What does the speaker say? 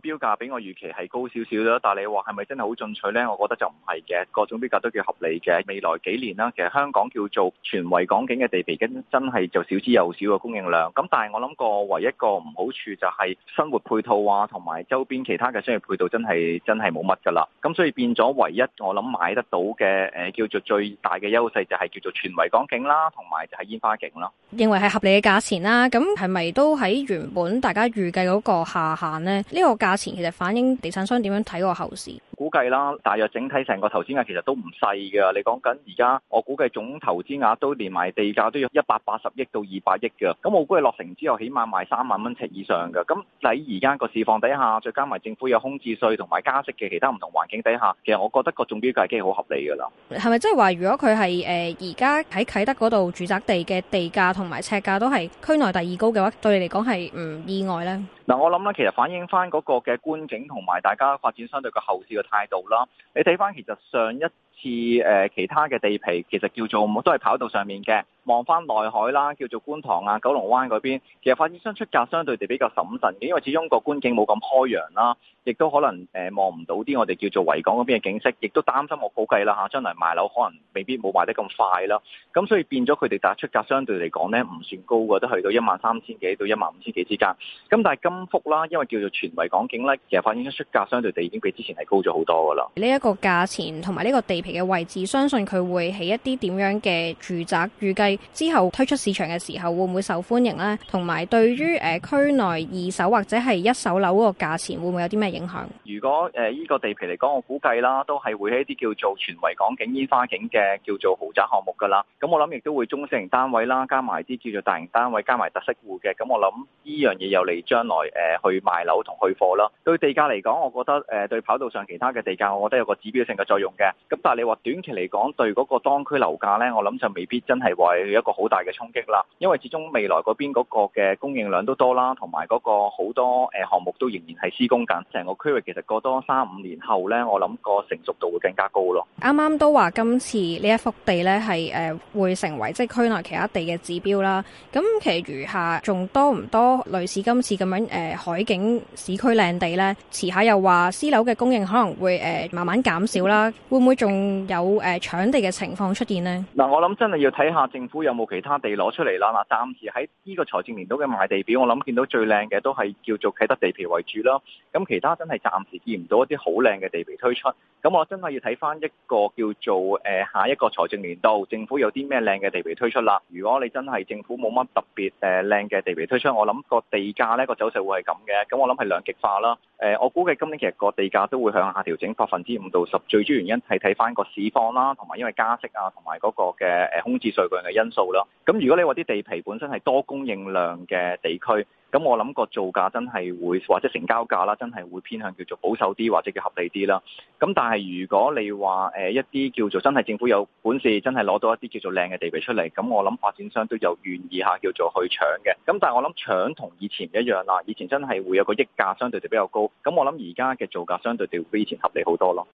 標價比我預期係高少少啦，但係你話係咪真係好進取呢？我覺得就唔係嘅，各種標價都叫合理嘅。未來幾年啦，其實香港叫做全維港景嘅地皮，跟真係就少之又少嘅供應量。咁但係我諗個唯一,一個唔好處就係生活配套啊，同埋周邊其他嘅商業配套真係真係冇乜㗎喇。咁所以變咗唯一我諗買得到嘅誒，叫做最大嘅優勢就係叫做全維港景啦，同埋就係煙花景咯。認為係合理嘅價錢啦、啊，咁係咪都喺原本大家預計嗰個下限咧？呢、這個價。價錢其實反映地產商點樣睇個後市。估計啦，大約整體成個投資額其實都唔細嘅。你講緊而家，我估計總投資額都連埋地價都要一百八十億到二百億嘅。咁我估計落成之後，起碼賣三萬蚊尺以上嘅。咁喺而家個市況底下，再加埋政府有空置稅同埋加息嘅其他唔同環境底下，其實我覺得個中標價幾好合理㗎啦。係咪即係話，如果佢係而家喺啟德嗰度住宅地嘅地價同埋尺價都係區內第二高嘅話，對你嚟講係唔意外咧？嗱，呢我諗啦，其實反映翻嗰個嘅觀景同埋大家發展相對嘅後市嘅。態度啦，你睇翻其實上一，似誒，其他嘅地皮，其實叫做都係跑道上面嘅，望翻內海啦，叫做觀塘啊、九龍灣嗰邊，其實發展商出價相對地比較謹慎嘅，因為始終個觀景冇咁開揚啦，亦都可能誒望唔到啲我哋叫做維港嗰邊嘅景色，亦都擔心我估計啦嚇，將嚟賣樓可能未必冇賣得咁快啦。咁所以變咗佢哋出價相對嚟講呢，唔算高嘅，都去到一萬三千幾到一萬五千幾之間。咁但係今幅啦，因為叫做全維港景呢，其實發展商出價相對地已經比之前係高咗好多㗎啦。呢、這、一個價錢同埋呢個地嘅位置，相信佢會起一啲點樣嘅住宅，預計之後推出市場嘅時候會唔會受歡迎咧？同埋對於誒區內二手或者係一手樓個價錢會唔會有啲咩影響？如果誒依，呃這個地皮嚟講，我估計啦，都係會喺一啲叫做全維港景、煙花景嘅叫做豪宅項目噶啦。咁我諗亦都會中型單位啦，加埋啲叫做大型單位，加埋特色戶嘅。咁我諗呢樣嘢有利將來誒，呃、去賣樓同去貨啦。對地價嚟講，我覺得誒，呃、對跑道上其他嘅地價，我覺得有個指標性嘅作用嘅。咁但你話短期嚟講對嗰個當區樓價呢，我諗就未必真係話有一個好大嘅衝擊啦，因為始終未來嗰邊嗰個嘅供應量都多啦，同埋嗰個好多誒項目都仍然係施工緊，成個區域其實過多三五年後呢，我諗個成熟度會更加高咯。啱啱都話今次呢一幅地呢係誒會成為即係區內其他地嘅指標啦。咁其實餘下仲多唔多類似今次咁樣誒海景市區靚地呢？遲下又話私樓嘅供應可能會誒慢慢減少啦，會唔會仲有誒、呃、搶地嘅情況出現呢？嗱、嗯，我諗真係要睇下政府有冇其他地攞出嚟啦。嗱，暫時喺呢個財政年度嘅賣地表，我諗見到最靚嘅都係叫做啟德地皮為主啦。咁其他真係暫時見唔到一啲好靚嘅地皮推出。咁我真係要睇翻一個叫做誒、呃、下一個財政年度政府有啲咩靚嘅地皮推出啦。如果你真係政府冇乜特別誒靚嘅地皮推出，我諗個地價呢個走勢會係咁嘅。咁我諗係兩極化啦。誒、呃，我估計今年其實個地價都會向下調整百分之五到十。最主要原因係睇翻。個市況啦，同埋因為加息啊，同埋嗰個嘅誒空置稅各樣嘅因素啦。咁如果你話啲地皮本身係多供應量嘅地區，咁我諗個造價真係會或者成交價啦，真係會偏向叫做保守啲或者叫合理啲啦。咁但係如果你話誒一啲叫做真係政府有本事，真係攞到一啲叫做靚嘅地皮出嚟，咁我諗發展商都有願意下叫做去搶嘅。咁但係我諗搶同以前唔一樣啦，以前真係會有個溢價相對就比較高。咁我諗而家嘅造價相對地比以前合理好多咯。